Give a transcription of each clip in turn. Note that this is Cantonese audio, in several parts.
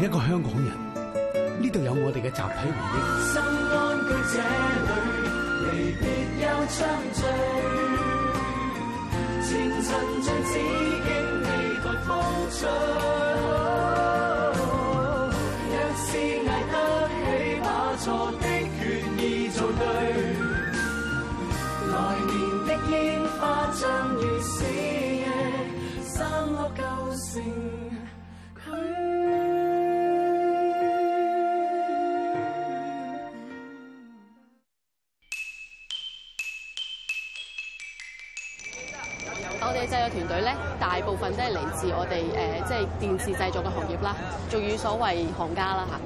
一個香港人，呢度有我哋嘅集體回憶。咧，大部分都係嚟自我哋誒，即係電視製作嘅行業啦，仲與所謂行家啦嚇。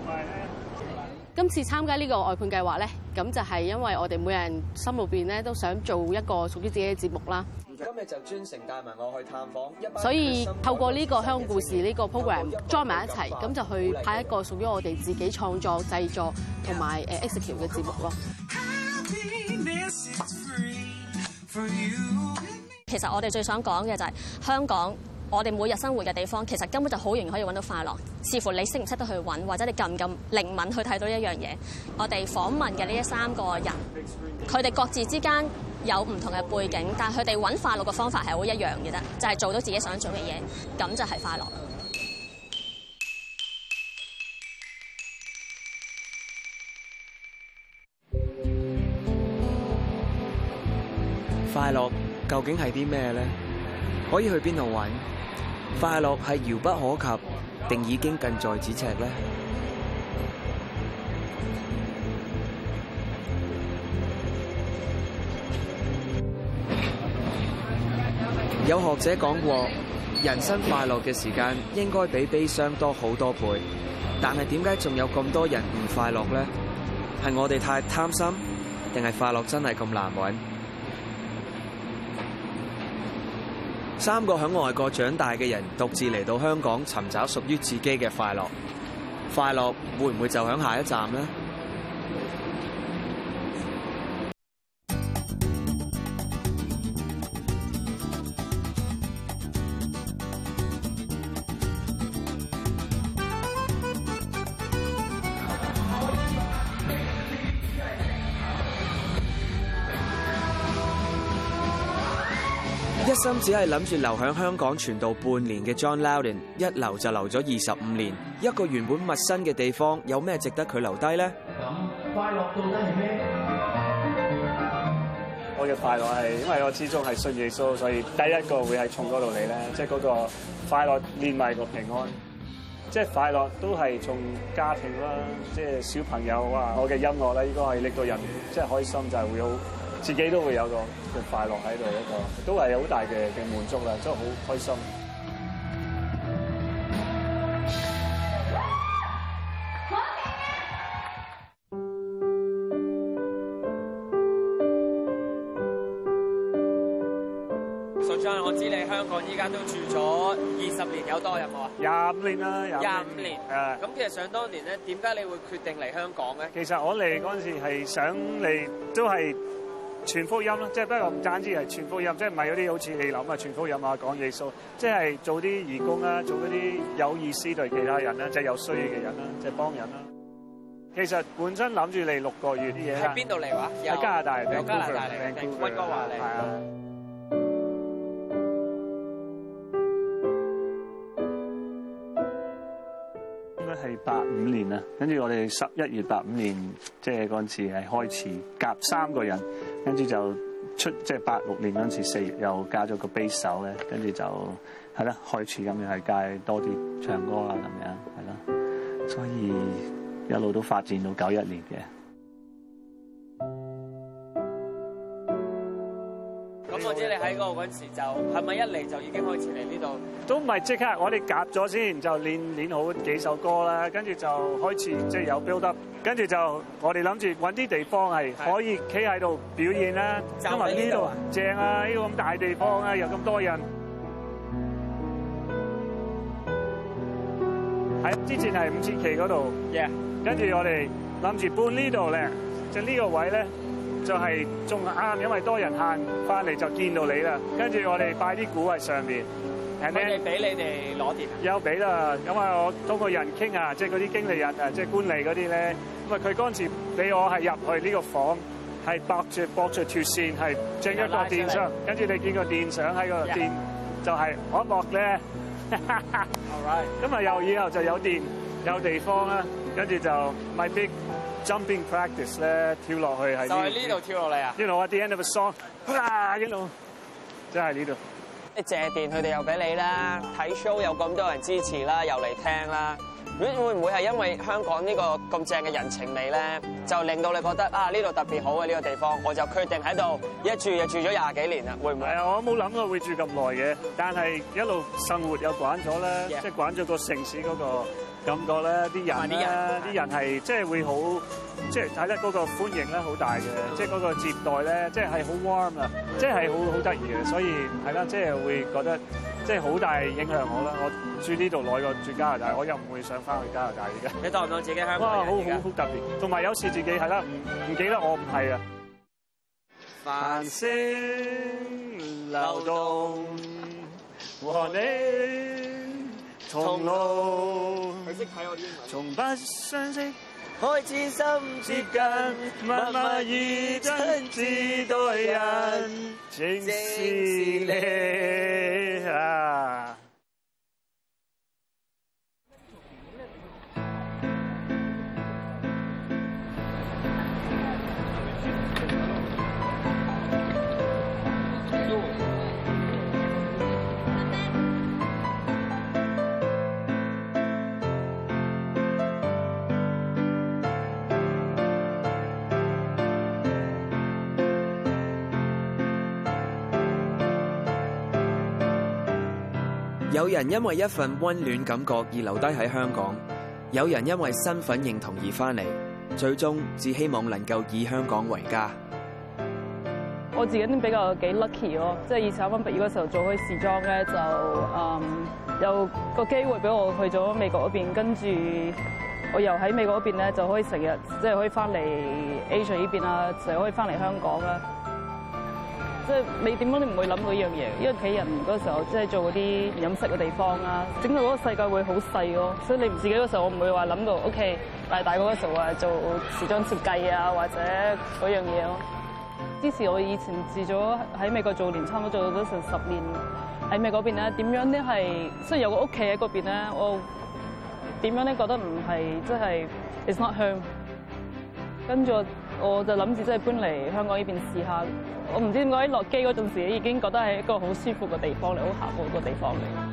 今次參加呢個外判計劃咧，咁就係、是、因為我哋每人心入邊咧都想做一個屬於自己嘅節目啦。今日就專程帶埋我去探訪一。所以透過呢個香港故事呢個 program join 埋一齊，咁就去拍一個屬於我哋自己創作、製作同埋 execute 嘅節目咯。 其實我哋最想講嘅就係香港，我哋每日生活嘅地方，其實根本就好容易可以揾到快樂，視乎你識唔識得去揾，或者你夠唔夠靈敏去睇到一樣嘢。我哋訪問嘅呢三個人，佢哋各自之間有唔同嘅背景，但係佢哋揾快樂嘅方法係好一樣嘅啫，就係做到自己想做嘅嘢，咁就係快樂。快樂。究竟係啲咩呢？可以去邊度揾？快樂係遙不可及，定已經近在咫尺呢？有學者講過，人生快樂嘅時間應該比悲傷多好多倍，但係點解仲有咁多人唔快樂呢？係我哋太貪心，定係快樂真係咁難揾？三個喺外國長大嘅人，獨自嚟到香港尋找屬於自己嘅快樂。快樂會唔會就喺下一站呢？只係諗住留喺香港，傳道半年嘅 John Loudon 一留就留咗二十五年。一個原本陌生嘅地方，有咩值得佢留低咧？咁快樂到底係咩？我嘅快樂係因為我始終係信耶穌，所以第一個會係從嗰度嚟咧，即係嗰個快樂連埋個平安。即係快樂都係從家庭啦，即係小朋友啊，我嘅音樂咧，應該係令到人即係開心，就係會好。自己都會有個嘅快樂喺度，一個都係好大嘅嘅滿足啦，真係好開心。宋章，我知你香港依家都住咗二十年有多日冇啊？廿五年啦，廿五年。誒，咁其實想當年咧，點解你會決定嚟香港咧？其實我嚟嗰陣時係想嚟，都係。全福音咯，即係不過唔單止係全福音，即係唔係嗰啲好似你諗啊，全福音啊講耶穌，即係做啲義工啦，做嗰啲有意思對其他人啦，即係有需要嘅人啦，即係幫人啦。其實本身諗住嚟六個月嘅，喺邊度嚟話？喺加拿大，喺加拿大嚟，喺溫哥華嚟。八五年啊，跟住我哋十一月八五年，即係嗰陣時係開始夾三個人，跟住就出，即係八六年嗰陣時四月又加咗個貝手咧，跟住就係啦，開始咁樣係街多啲唱歌啦，咁樣係啦，所以一路都發展到九一年嘅。嗰陣時就係咪一嚟就已經開始嚟呢度？都唔係即刻，我哋夾咗先，就練練好幾首歌啦，跟住就開始即係、就是、有表達，跟住就我哋諗住搵啲地方係可以企喺度表演啦，因為呢度正啊，呢、這個咁大地方啊，又咁多人。喺之前係五支旗嗰度，跟、yeah. 住我哋諗住搬呢度咧，就呢、是、個位咧。就係仲啱，因為多人行翻嚟就見到你啦。跟住我哋擺啲鼓喺上面，係咩俾你哋攞電啊？有俾啦，咁我通過人傾啊，即係嗰啲經理人啊，即係官吏嗰啲咧。咁啊，佢嗰陣時俾我係入去呢個房，係駁住駁住條線，係正一個電箱。跟住你見個電箱喺個電，就係我拔咧。All right。咁啊，又以後就有電有地方啦。跟住就 my big Jumping practice 咧，跳落去係。就係呢度跳落嚟啊！You know at the end of a song，you know，即係呢度。借電佢哋又俾你啦，睇 show 有咁多人支持啦，又嚟聽啦。如會唔會係因為香港呢個咁正嘅人情味咧，就令到你覺得啊呢度、這個、特別好嘅呢個地方，我就決定喺度一住就住咗廿幾年啦。會唔會？係啊，我冇諗過會住咁耐嘅，但係一路生活又慣咗啦，即係慣咗個城市嗰、那個。感覺咧，啲人咧，啲、哦、人係即係會好，即係睇得嗰個歡迎咧，好大嘅，即係嗰個接待咧，即係好 warm 啊，即係好好得意嘅，所以係啦，即係、就是、會覺得即係好大影響我啦。我住呢度耐過住加拿大，我又唔會想翻去加拿大。而家你當唔當自己香港人嚟哇？好好特別。同埋有一次自己係啦，唔唔記得我唔係啊。繁星流動和你。從路，從不相識，開始心接近，默默以真摯待人，正是你啊。有人因為一份溫暖感覺而留低喺香港，有人因為身份認同而翻嚟，最終只希望能夠以香港為家。我自己都比較幾 lucky 咯，即係二十三分畢業嗰時候做開時裝咧，就嗯有個機會俾我去咗美國嗰邊，跟住我又喺美國嗰邊咧就可以成日即係可以翻嚟 Asia 呢邊啊，成日可以翻嚟香港啦。即係你點樣你唔會諗到依樣嘢，因為屋企人嗰時候即係做嗰啲飲食嘅地方啊，整到嗰個世界會好細咯，所以你唔自己嗰時候，我唔會話諗到 OK，大大嗰個時候話做時裝設計啊，或者嗰樣嘢咯。之前我以前住咗喺美國做連衣襟都做咗成十年喺美國嗰邊咧，點樣咧係，雖然有個屋企喺嗰邊咧，我點樣咧覺得唔係即係，it's not home。跟住我就諗住即係搬嚟香港呢邊試一下。我唔知點解喺落機嗰陣時已經覺得係一個好舒服嘅地方嚟，好幸福嘅地方嚟。啊。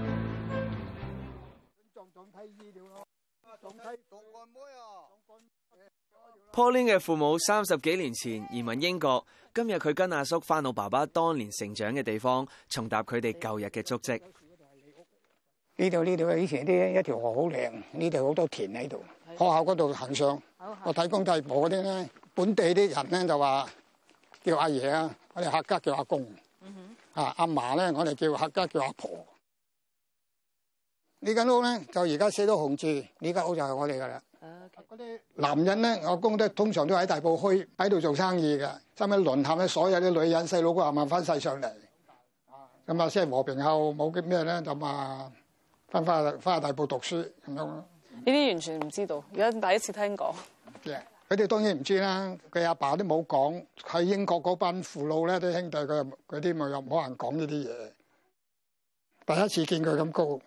Pauline 嘅父母三十幾年前移民英國，今日佢跟阿叔返到爸爸當年成長嘅地方，重踏佢哋舊日嘅足跡。呢度呢度以前啲一條河好靚，呢度好多田喺度。學校嗰度行上，我睇公仔婆嗰啲咧，本地啲人咧就話。叫阿爺啊，我哋客家叫阿公。嗯、啊阿嫲咧，我哋叫客家叫阿婆。嗯、這呢間屋咧，就而家寫到紅字，呢間屋就係我哋噶啦。啊，嗰啲男人咧，阿公咧，通常都喺大埔墟喺度做生意噶，後屘淪陷咧，所有啲女人細佬哥啊，問翻世上嚟，咁啊先和平後冇咩咧，就問翻翻去大埔讀書咁樣。呢啲完全唔知道，而家第一次聽講。Yeah. 佢哋當然唔知啦，佢阿爸都冇講。喺英國嗰班父老咧，啲兄弟佢啲咪又冇可能講呢啲嘢。第一次見佢咁高，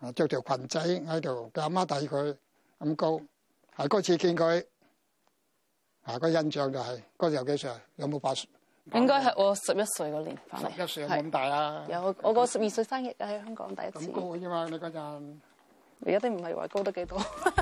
啊着條裙仔喺度，佢阿媽帶佢咁高。係嗰次見佢，啊、嗰個印象就係、係、嗰時候有幾歲？有冇八歲？應該係我十一歲嗰年翻嚟。十一歲咁大啦。有我我個十二歲生日喺香港第一次。咁高啫嘛，你嗰陣。有啲唔係話高得幾多。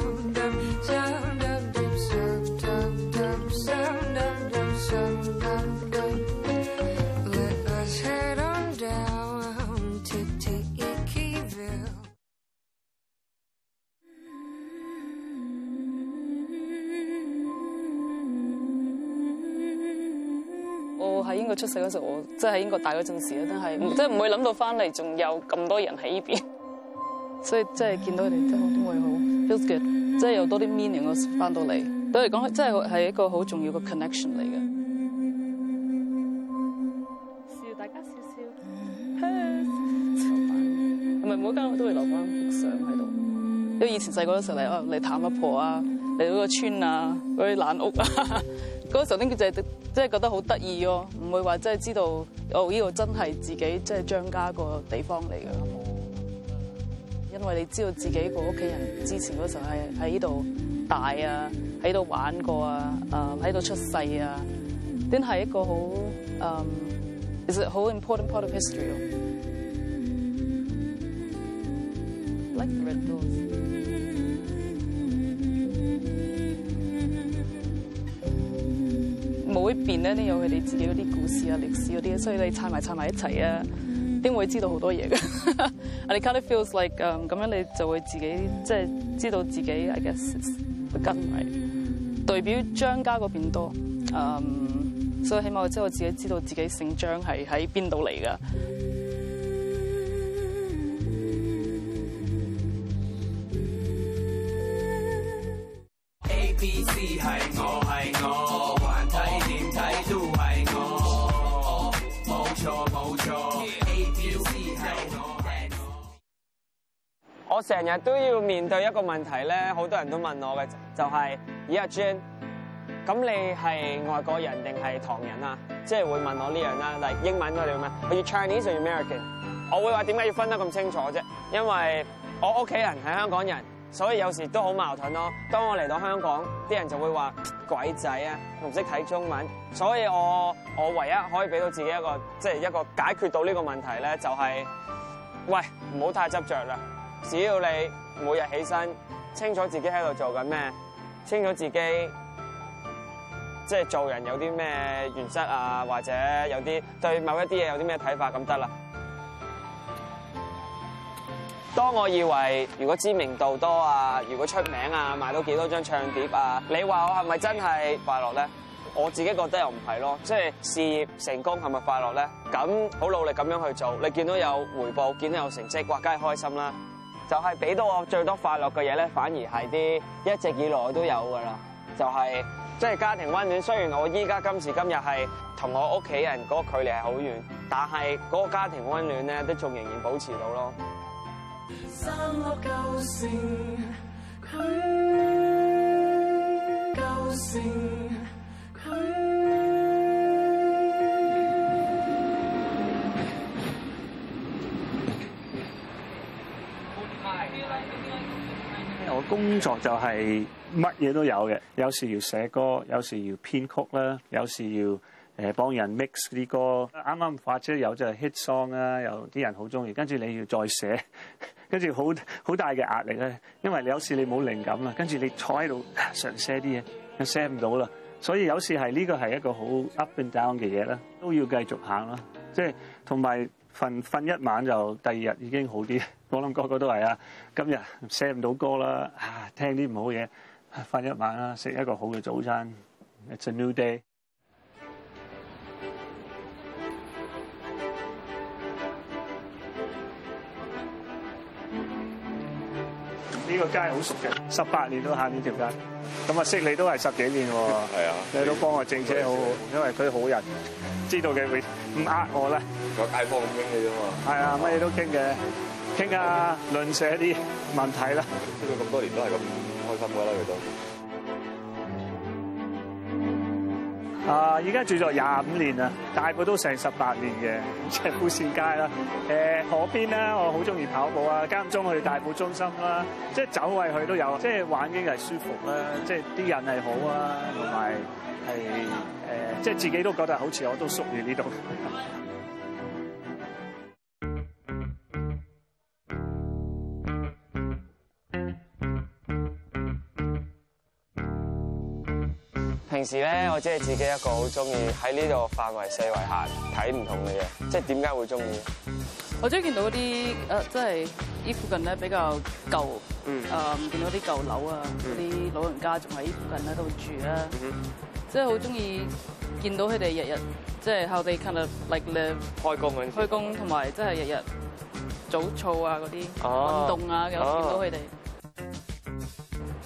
出世嗰時候我即係英國大嗰陣時啦，但係唔即係唔會諗到翻嚟仲有咁多人喺呢邊，所以即係見到佢哋真都好 feel good，即係有多啲 meaning 我翻到嚟，對嚟講真係係一個好重要嘅 connection 嚟嘅。笑大家笑笑，呵， 唔係每間屋都會留翻相喺度，因為以前細個嗰時嚟啊嚟探阿婆啊，嚟到個村啊嗰啲爛屋啊。 嗰時候咧，佢就係即係覺得好得意咯，唔會話即係知道哦，呢度真係自己即係張家個地方嚟噶。因為你知道自己個屋企人之前嗰時候係喺呢度大啊，喺度玩過啊，啊喺度出世啊，真係一個好誒，係一個好 important part of history、like。每一邊咧，都有佢哋自己嗰啲故事啊、歷史嗰啲，所以你參埋參埋一齊啊，先會知道好多嘢嘅。I 你 kind of feels like 咁、um, 樣，你就會自己即係知道自己，I guess，根嚟代表張家嗰邊多、um, 所以起碼我知我自己知道自己姓張係喺邊度嚟噶。成日都要面對一個問題咧，好多人都問我嘅就係：咦啊，Jane，咁你係外國人定係唐人啊？即係會問我呢樣啦。例如英文佢哋問：我要 Chinese 定要 American？我會話點解要分得咁清楚啫？因為我屋企人係香港人，所以有時都好矛盾咯。當我嚟到香港，啲人就會話鬼仔啊，唔識睇中文。所以我我唯一可以俾到自己一個即係一個解決到呢個問題咧，就係，喂唔好太執着啦。只要你每日起身清楚自己喺度做緊咩，清楚自己即係做人有啲咩原則啊，或者有啲對某一啲嘢有啲咩睇法咁得啦。當我以為如果知名度多啊，如果出名啊，買到幾多張唱碟啊，你話我係咪真係快樂咧？我自己覺得又唔係咯，即係事業成功係咪快樂咧？咁好努力咁樣去做，你見到有回報，見到有成績，哇，梗係開心啦！就係俾到我最多快樂嘅嘢咧，反而係啲一,一直以來都有噶啦。就係即係家庭溫暖，雖然我依家今時今日係同我屋企人嗰個距離係好遠，但係嗰個家庭溫暖咧都仲仍然保持到咯。三個救星，嗯，救星。工作就係乜嘢都有嘅，有時要寫歌，有時要編曲啦，有時要誒幫人 mix 啲歌。啱啱發出有就係 hit song 啦，有啲人好中意，跟住你要再寫，跟住好好大嘅壓力咧，因為你有時你冇靈感啊，跟住你坐喺度常寫啲嘢，又寫唔到啦，所以有時係呢個係一個好 up and down 嘅嘢啦，都要繼續行啦，即係同埋。瞓瞓一晚就第二日已經好啲，我諗個個都係啊！今日寫唔到歌啦，啊，聽啲唔好嘢，瞓一晚啦，食一個好嘅早餐，it's a new day。個街好熟嘅，十八年都行呢條街，咁啊識你都係十幾年喎。係啊，你都幫我正車好好，因為佢好人，知道嘅會唔呃我啦。有街坊咁傾嘅啫嘛。係啊，乜嘢都傾嘅，傾下鄰社啲問題啦。傾咗咁多年都係咁開心嘅啦，佢都。啊！依家住咗廿五年啦，大埔都成十八年嘅，即係富善街啦。誒、呃，河邊咧，我好中意跑步啊。間中去大埔中心啦，即係走位去都有。即係環境係舒服啦，即係啲人係好啊，同埋係誒，即係自己都覺得好似我都屬於呢度。平時咧，我只係自己一個，好中意喺呢度範圍四圍行，睇唔同嘅嘢。即係點解會中意？我中意見到啲，誒、呃，即係呢附近咧比較舊，誒、嗯嗯，見到啲舊樓啊，嗰、嗯、啲老人家仲喺呢附近咧度住啊，即係好中意見到佢哋日日，即係 how they kind of live，開工同埋即係日日早操啊啲運動啊，我見到佢哋，哦嗯、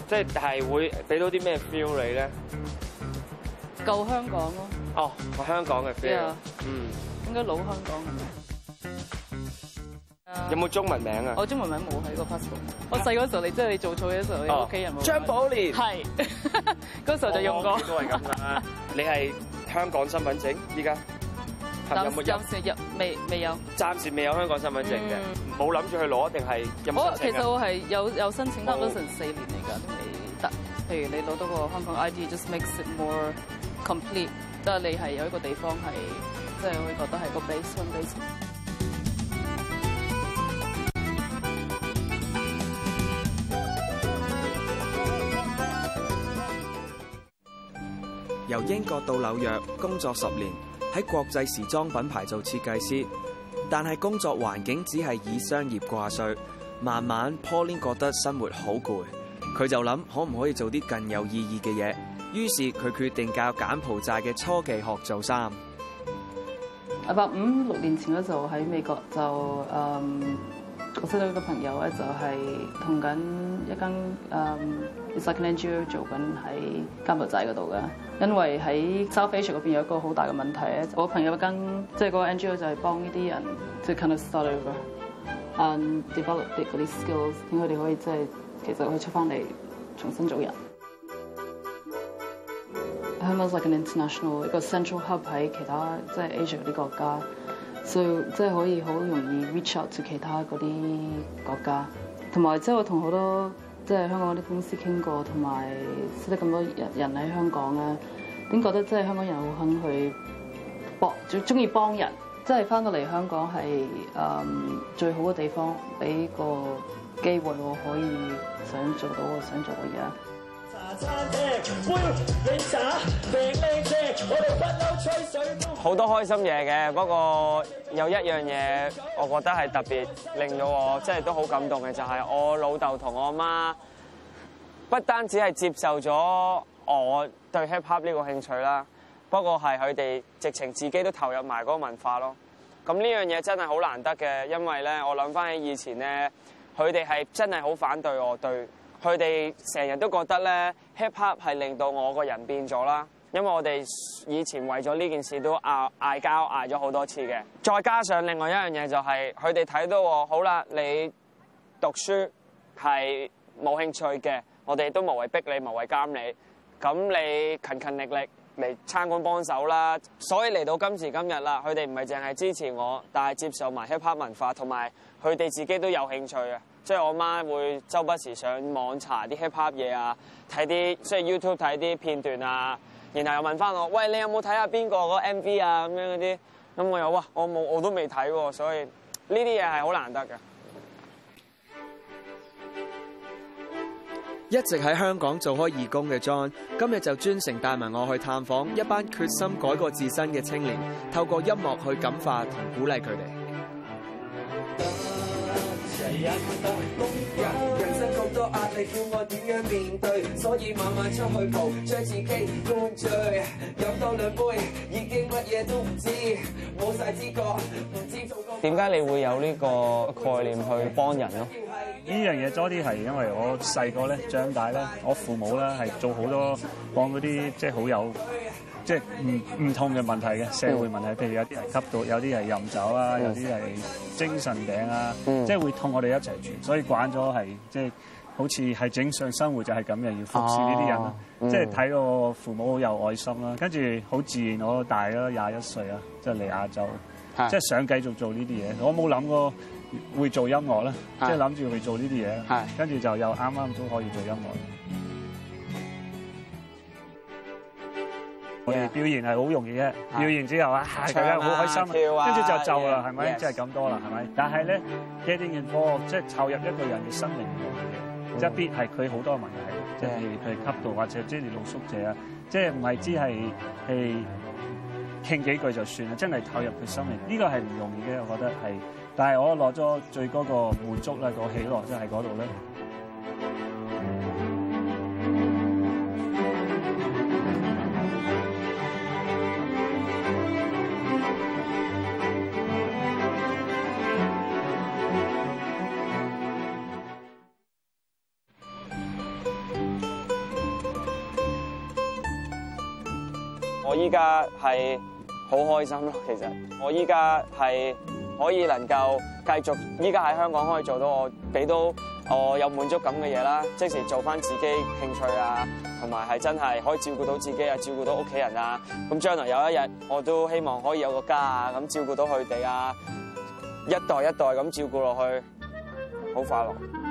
即係係會俾到啲咩 feel 你咧？舊香港咯、啊。哦，我香港嘅 feel。嗯、yeah. mm.。應該老香港嘅。Uh, 有冇中文名啊？我、oh, 中文名冇喺個 passport。Yeah. 我細嗰時候你即係你做錯嘢時候，你屋企人冇。Oh. 張寶年。係。嗰 時候就用過。都係咁啦。 你係香港身份證依家？暫時，暫時有未未有。暫時未有香港身份證嘅，冇諗住去攞，定係有冇申請嘅？Oh, 其實我係有有申請得咗成四年嚟緊，未得。譬如你攞到個香港 ID，just makes it more。complete，即係你係有一個地方係，即係會覺得係個 base one base。由英國到紐約工作十年，喺國際時裝品牌做設計師，但係工作環境只係以商業掛帥。慢慢，Pauline 覺得生活好攰，佢就諗可唔可以做啲更有意義嘅嘢。於是佢決定教柬埔寨嘅初期學做衫。啊，八五六年前嗰度喺美國就嗯，我識到一個朋友咧，就係同緊一間嗯，second、like、NGO 做緊，喺柬埔寨度嘅。因為喺 South Asia 嗰邊有一個好大嘅問題咧，我朋友一間即係個 NGO 就係幫呢啲人即係 kind of start over and develop 啲 skills，令佢哋可以即、就、係、是、其實可以出翻嚟重新做人。香港係一個 international，一、like、個 central hub 喺其他即係、就是、Asia 啲國家，所、so，以即係可以好容易 reach out to 其他嗰啲國家。同埋即係我同好多即係香港嗰啲公司傾過，同埋識得咁多人人喺香港啊，點覺得即係香港人好肯去搏，最中意幫人。即係翻到嚟香港係誒、嗯、最好嘅地方，俾個機會我可以想做到我想做嘅嘢。好多開心嘢嘅，不過有一樣嘢，我覺得係特別令到我，真係都好感動嘅，就係我老豆同我媽，不單只係接受咗我對 hip hop 呢個興趣啦，不過係佢哋直情自己都投入埋嗰個文化咯。咁呢樣嘢真係好難得嘅，因為咧，我諗翻起以前咧，佢哋係真係好反對我對，佢哋成日都覺得咧。Hip Hop 係令到我個人變咗啦，因為我哋以前為咗呢件事都嗌嗌交，嗌咗好多次嘅。再加上另外一樣嘢就係佢哋睇到我，好啦，你讀書係冇興趣嘅，我哋都無謂逼你，無謂監你。咁你勤勤力力嚟餐館幫手啦。所以嚟到今時今日啦，佢哋唔係淨係支持我，但係接受埋 Hip Hop 文化，同埋佢哋自己都有興趣啊。即係我媽會周不時上網查啲 hip hop 嘢啊，睇啲即係 YouTube 睇啲片段啊，然後又問翻我，喂，你有冇睇下邊個嗰 MV 啊咁樣嗰啲，咁我又啊，我冇我都未睇喎，所以呢啲嘢係好難得嘅。一直喺香港做開義工嘅 John，今日就專程帶埋我去探訪一班決心改過自身嘅青年，透過音樂去感化同鼓勵佢哋。人生咁多壓力，叫我點樣面對？所以晚晚出去蒲，將自己灌醉，飲多兩杯，已經乜嘢都唔知，冇晒知覺，唔知做過。點解你會有呢個概念去幫人咯？呢樣嘢多啲係因為我細個咧，長大啦，我父母咧係做好多幫嗰啲即係好友。即係唔唔同嘅問題嘅社會問題，譬如有啲人吸毒，有啲係飲酒啊，有啲係精神病啊，即、嗯、係、就是、會同我哋一齊住，所以慣咗係即係好似係正常生活就係咁樣，要服侍呢啲人啦。即係睇個父母好有愛心啦，跟住好自然我大咗廿一歲啦，就嚟亞洲，即係、就是、想繼續做呢啲嘢，我冇諗過會做音樂啦，即係諗住會做呢啲嘢，跟住就又啱啱都可以做音樂。Yeah. 我哋表現係好容易嘅，yeah. 表現之後啊，大家好開心，跟住、啊啊、就就啦，係、yeah. 咪？即係咁多啦，係咪？但係咧，mm-hmm. 呢啲嘢科即係投入一個人嘅生命嘅，即、mm-hmm. 必係佢好多問題，mm-hmm. 即係佢吸毒或者即係露宿者啊，mm-hmm. 即係唔係只係係傾幾句就算啦，真係投入佢生命。呢、mm-hmm. 個係唔容易嘅，我覺得係。但係我攞咗最高個滿足咧，個喜樂係喺嗰度咧。就是我依家係好開心咯，其實我依家係可以能夠繼續，依家喺香港可以做到我俾到我有滿足感嘅嘢啦，即時做返自己興趣啊，同埋係真係可以照顧到自己啊，照顧到屋企人啊，咁將來有一日我都希望可以有個家啊，咁照顧到佢哋啊，一代一代咁照顧落去，好快樂。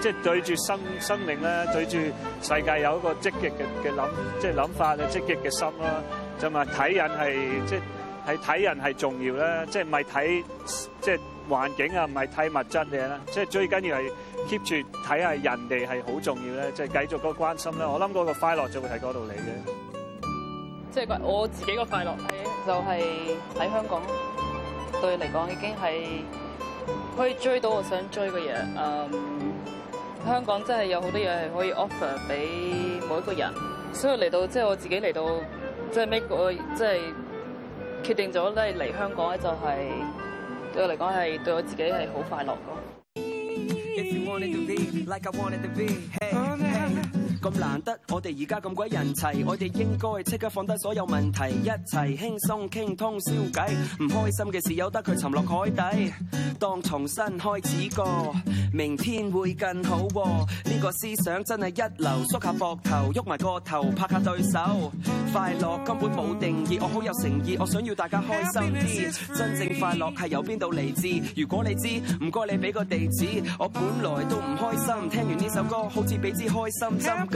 即係對住生生命咧，對住世界有一個積極嘅嘅諗，即係諗法咧，積極嘅心咯，就係睇人係即係睇人係重要啦，即係唔係睇即係環境啊，唔係睇物質嘢啦，即係最緊要係 keep 住睇下人哋係好重要咧，即係繼續嗰關心啦。我諗嗰個快樂就會喺嗰度嚟嘅。即係我自己個快樂係就係喺香港咯，對嚟講已經係可以追到我想追嘅嘢，嗯。香港真係有好多嘢係可以 offer 俾每一個人，所以嚟到即係、就是、我自己嚟到，即係 make 即係決定咗都係嚟香港咧、就是，就係對我嚟講係對我自己係好快樂嘅。 樂 樂 樂咁難得，我哋而家咁鬼人齊，我哋應該即刻放低所有問題，一齊輕鬆傾通宵偈。唔開心嘅事由得佢沉落海底，當重新開始過，明天會更好。呢個思想真係一流，縮下膊頭，喐埋個頭，拍下對手，快樂根本冇定義。我好有誠意，我想要大家開心啲。Free, 真正快樂係由邊度嚟自？如果你知，唔該你俾個地址。我本來都唔開心，聽完呢首歌好似俾支開心針。